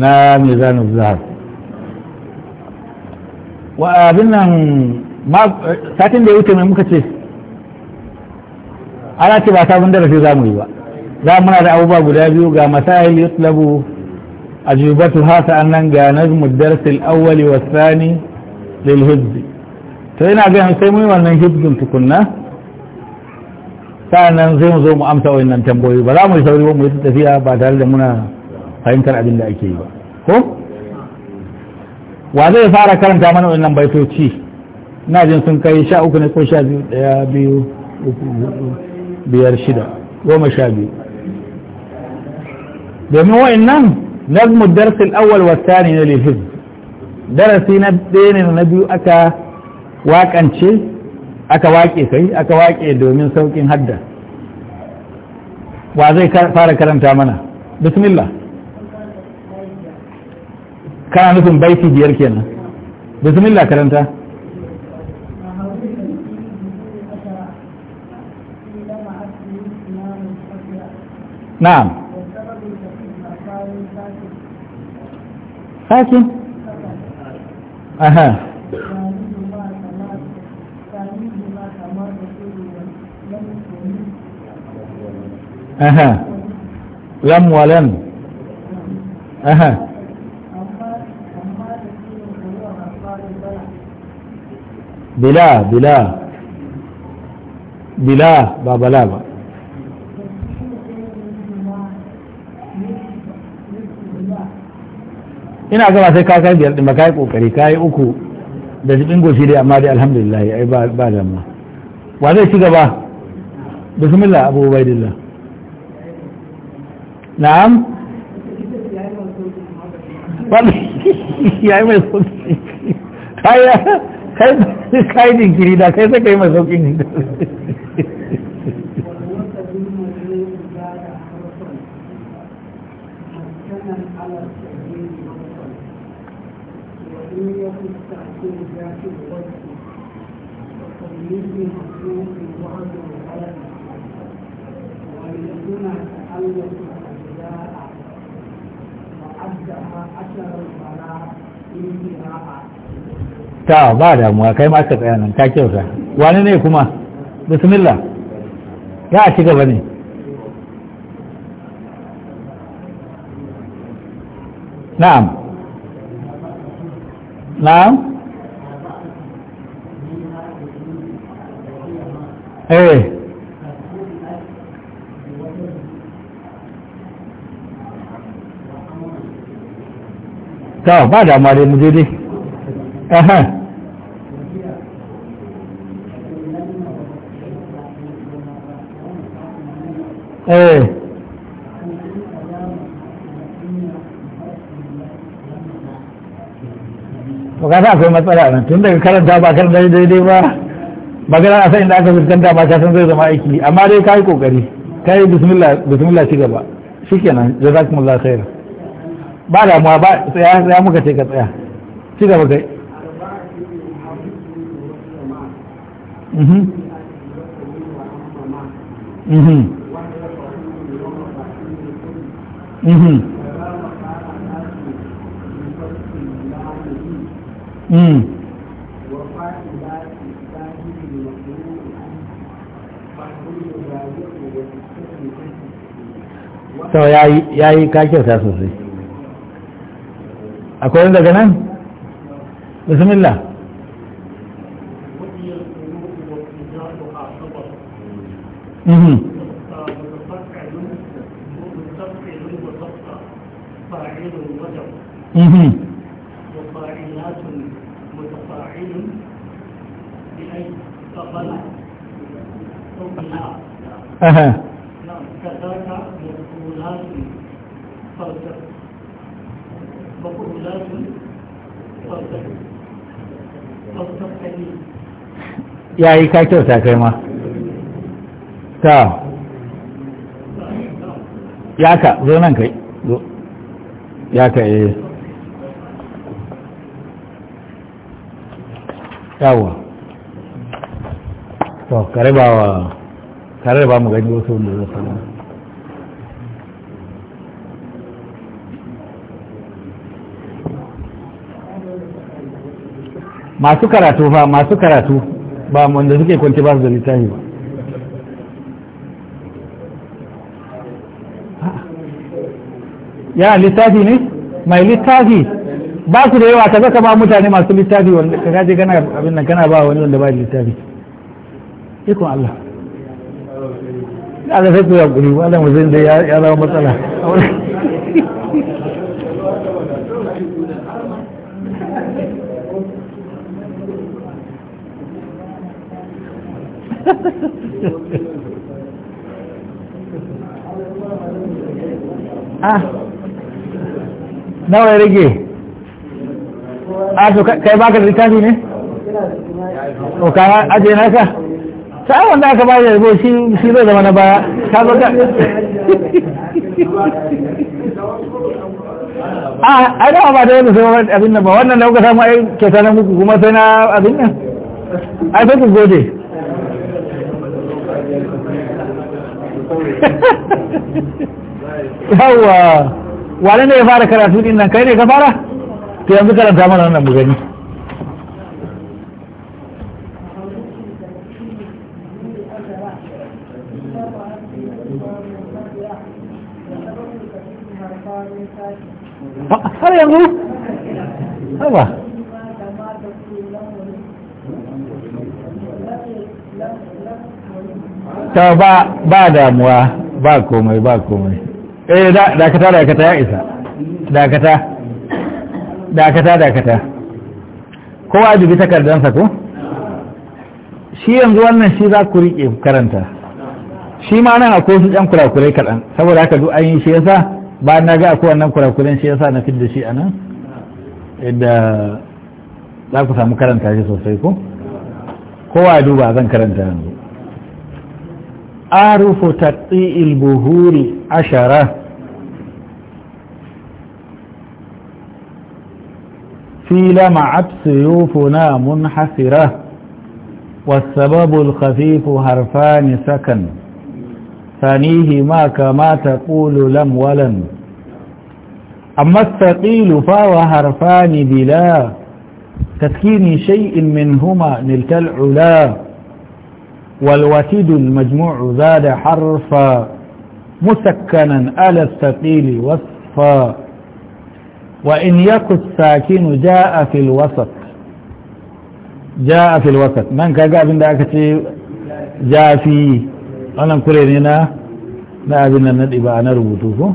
na mizanul zahar wa abin nan satin da ya wuce mai muka ce ana ce ba sabon darasi za mu yi ba za muna da abubuwa guda biyu ga masahil yutlabu ajubatu hasa annan ga nazmu darsil awwali wa thani lil hizbi to ina ga sai mu yi wannan hizbin tukunna nan zai mu zo mu amsa wayannan tambayoyi ba za mu yi sauri ba mu yi tafiya ba tare da muna fahimtar abin da ake yi ba ko wa zai fara karanta mana wannan baitoci na jin sun kai sha uku ne ko sha biyu daya biyu uku hudu biyar shida goma sha biyu domin wa'annan nazmu darsil awwal wa tsani na lihib darasi na ɗaya na biyu aka waƙance aka waƙe kai aka waƙe domin sauƙin hadda wa zai fara karanta mana bismillah kana nufin baiti biyar kenan bismillah karanta na'am sakin aha aha lam walan aha bila bila bila ba bala ba ina gaba sai ka kai biyar ɗin ba ka yi ƙoƙari ka yi uku da jikin goshi dai amma dai alhamdulillah ai ba damuwa wa zai ci gaba bismillah abu ubaidillah na'am wani yayi mai sosai sai kai jinkiri da kai sai kai mai sauki ne Thank you. ta ba damuwa kai ma ka tsaya nan ka kyauta wani ne kuma bismillah ya a ci gaba ne na'am na'am eh ta ba damuwa dai mu daidai aha eh to kaga akwai matsala nan tun daga karanta ba kan daidai ba ba magana a san da aka fuskanta ba ka san zai zama aiki amma dai ka yi kokari ka yi bismillah ci gaba shikenan jazakumullahu khairan ba damuwa ba tsaya tsaya muka ce ka tsaya ci gaba kai sau ya yi kakyauta sosai akwai wanda ganin? bismillah Mm-hmm. Mm-hmm. Uh-huh. Yayi ka kyauta kai ma. ta ya ka zo nan kai zo ya ka yi eh. yawa to kare ba wa kare ba mu gani wasu wanda zai sanar masu karatu ba masu karatu ba wanda suke kwanci ba su da littafi ba ya littafi ne mai littafi ba su da yawa kaza kama mutane masu littafi wanda ka gaje gana abin nan kana ba wani wanda ba littafi ikon Allah ya zafi ku ya kuri wala muzin da ya zama matsala ah nawa ya rage a to kai baka da littafi ne o ka aje ka sai wanda aka bayar da rabo shi shi zai zama na baya ka zo ka a ai da ba da yadda abin nan ba wannan da kuka samu ai kyauta na muku kuma sai na abin nan ai sai ku gode yawa wane ne ya fara karatu din nan kai ne ka fara to yanzu karanta mana wannan gani har yanzu haba ta ba damuwa ba komai ba komai eh dakata dakata ya isa dakata dakata dakata kowa a dubi takardansa ko shi yanzu wannan shi za ku riƙe karanta shi ma nan akwai su ɗan kurakurai kaɗan saboda haka duk an yi shi yasa ba na ga akwai wannan kurakurai shi yasa na fi da shi a nan yadda za ku samu karanta shi sosai ko kowa duba zan karanta yanzu أعرف تقطيع البهور عشرة في لمعت سيوفنا منحسرة والسبب الخفيف حرفان سكن ما كما تقول لم ولن أما الثقيل فهو حرفان بلا تسكين شيء منهما نلت العلا والوتيد المجموع زاد حرفا مسكنا على الثقيل وصفا وإن يك الساكن جاء في الوسط جاء في الوسط من كاقا بن داكتي جاء في أنا كرينينا لا أبنى ندئب أنا ربطوه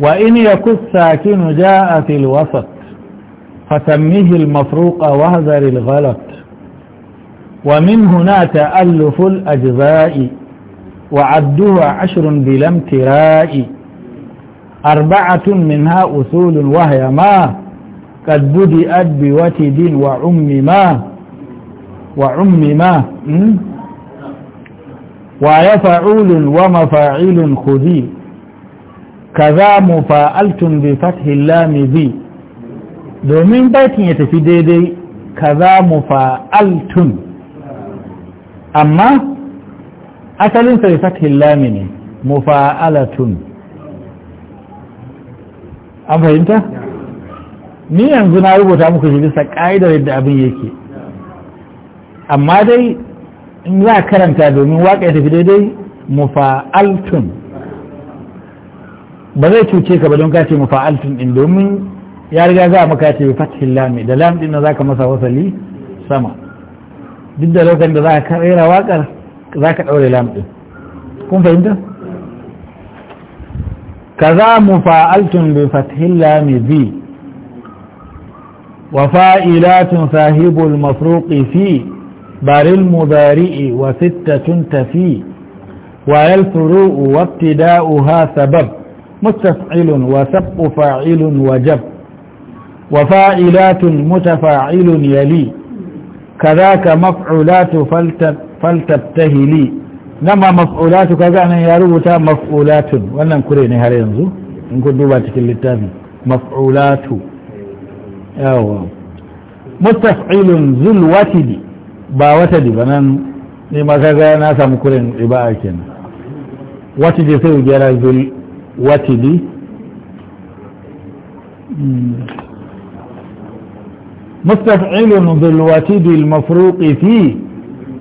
وإن يك الساكن جاء في الوسط فسميه المفروق وهذر الغلط ومن هنا تألف الأجزاء وعدها عشر بلا امتراء أربعة منها أصول وهي ما قد بدأت بوتد وعم ما وعم ما ويفعول ومفاعل خذي كذا مفاعلة بفتح اللام ذي دومين من يتفي ديدي كذا مفاعلة amma asalin sai fathin lamini mufa'alatun an fahimta ni yanzu na rubuta muku shi bisa ƙa'idar yadda abin yake amma dai in za a karanta domin waƙa ya tafi daidai mufa'altun ba zai cuce ka ba don kace mufa'altun din domin ya riga za a maka ya ce fathin lami da lam din na za ka masa wasali sama duk da lokacin da za ka rera waƙar za ka ɗaure lamɗin kun fahimta? kaza mu fa'altun bi fathin lami zi wa fa'ilatun sahibul mafruqi fi baril mudari'i wa sittatun tafi wa yalfuru'u wa ibtida'uha sabab مستفعل وسبق فاعل وجب وفاعلات متفاعل يلي kazaka maf'ulatu faltabtahili nama maf'ulatu kaza nan ya rubuta maf'ulatun wannan kure ne har yanzu in kun duba cikin littafin maf'ulatu yawa mutaf'ilun zul watidi ba wata di banan ne ma kaza na samu kuren ibaa kenan wati sai gera zul watidi مستفعل بالوتد المفروق فيه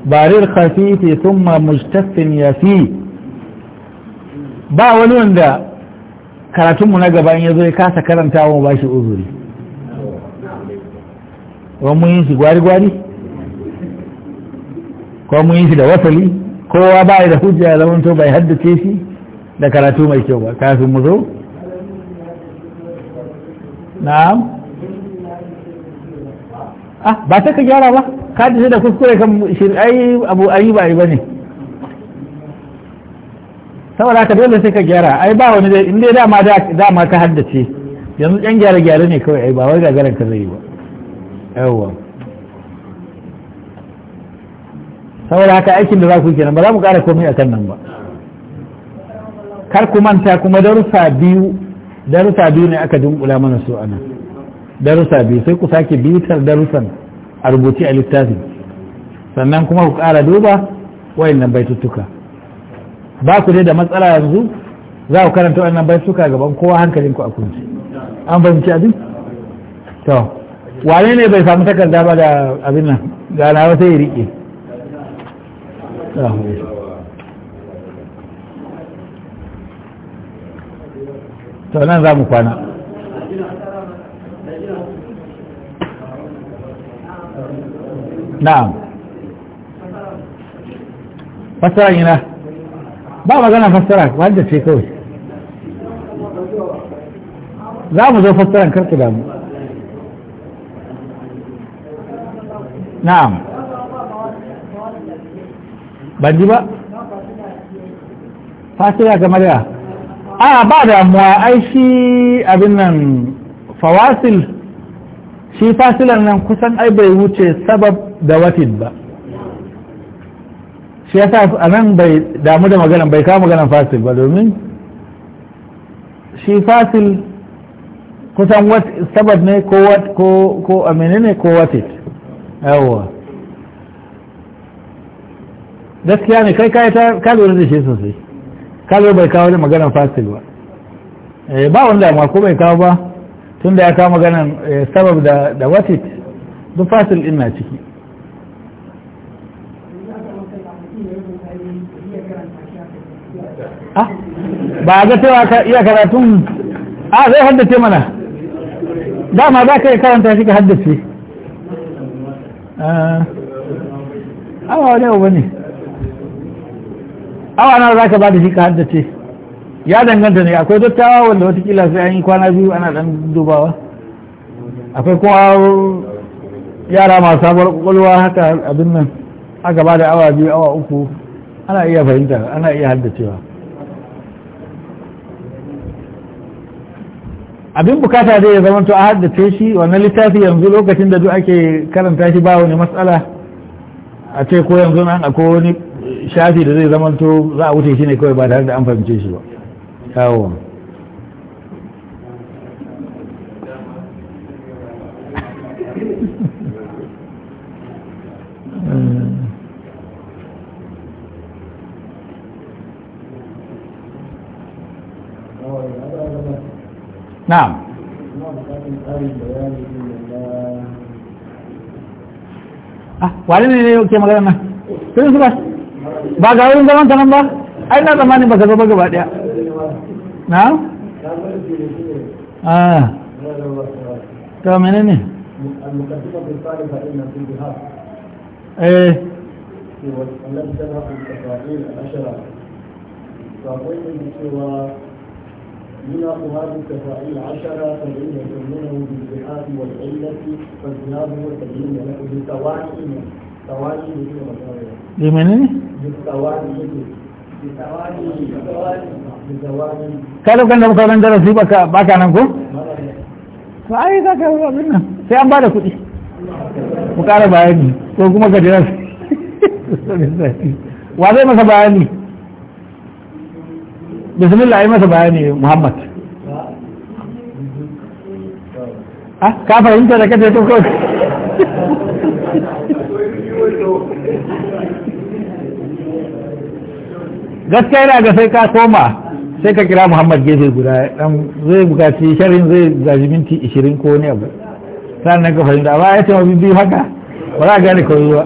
بارير خفيف ثم مجتف يفي ba wani wanda karatunmu na gaban ya zo ya kasa karanta wa ba shi uzuri ko mun yi shi gwari-gwari ko mun yi shi da wasali kowa ba da hujja to bai haddace shi da karatu mai kyau ba kafin mu zo na'am ah ba ta ka gyara ba ka dace da kuskure kan shir'ai abu ayi ba ba ne saboda ka dole sai ka gyara ai ba wani da inda dama dama ka haddace yanzu yan gyara gyara ne kawai ai ba wai gagaran ka zai yi ba yawa saboda haka aikin da za ku kenan ba za mu kara komai akan nan ba kar ku manta kuma darussa biyu darussa biyu ne aka dunkula mana su anan darussa biyu sai ku sake bitar darussan a rubuce a littafi sannan kuma ku ƙara duba wayannan baitutuka ba ku dai da matsala yanzu za ku karanta wayannan baitutuka gaban kowa hankalinku a kunci an fahimci abin to wane ne bai samu takarda ba da abin nan ga na wata ya riƙe to nan za mu kwana na'am fassara ina ba magana fassara wanda ce kawai za mu zo kar karki damu na'am ban ji ba fasira kamar ya a ba damuwa ai shi abin nan fawasil shi fasilar nan kusan ai bai wuce sabab da watin ba shi yasa a nan bai damu da maganan bai kawo maganan fasil ba domin shi fasil kusan sabab ne ko wat ko ko ne ko watin yawwa gaskiya ne kai kai ka lura da shi sosai ka bai kawo da maganan fasil ba eh, ba wanda ma ko bai kawo ba tun da ya kawo maganin eh, sabab da watit duk fasil ɗin na ciki ah, ba a ga cewa iya karatun a ah, zai haddace mana dama za ka yi karanta shi ka haddace ah, awa wani wa ne awa na za ka ba da shi ka haddace ya danganta ne akwai dattawa wanda watakila sai an yi kwana biyu ana dan dubawa akwai kuma yara masu sabuwar kwakwalwa haka abin nan aka ba da awa biyu awa uku ana iya fahimta ana iya haddacewa abin bukata dai ya zama to a haddace shi wannan littafi yanzu lokacin da duk ake karanta shi ba wani matsala a ce ko yanzu nan akwai wani shafi da zai zama to za a wuce shi ne kawai ba tare da an fahimce shi ba yawo na'am ah wani ne yau ke magana ba ga wurin zaman nan ba ai na zamanin ba gaba daya نعم آه كم منين المقدمة الثالثة إن في الجهاد إيه ولم تذهب التفاصيل العشرة فقلت سوى يناق هذه التفاصيل العشرة فإن يسمونه بالجهاد والعلة فالجهاد هو التبيين له بالتواني تواني بالتواني بمن؟ بالتواني بالتواني ka lokacin da sauran darasi ka nan ko to ai za ka abin nan sai an bada kuɗi ku ƙara bayani ko kuma ka jira wa zai masa bayani bismillah yi masa bayani muhammad ah, ka fahimta da kace ta kawai gaskiya ina ga sai ka koma sai ka kira muhammad gefe guda dan zai bukaci sharin zai gaji minti ishirin ko ne abu nan ka fahimta ba ya ce ma biyu haka ba za a gane yi ba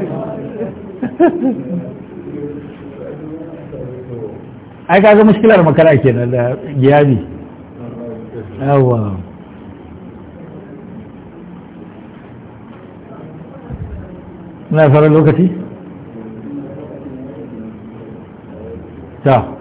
ai kaga mashkilar makara nan da giyabi yawa na fara lokaci ta